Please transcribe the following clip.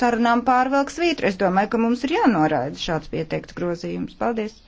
sarunām pārvelk svītru. Es domāju, ka mums ir jānoraida šāds pieteikts grozījums. Paldies!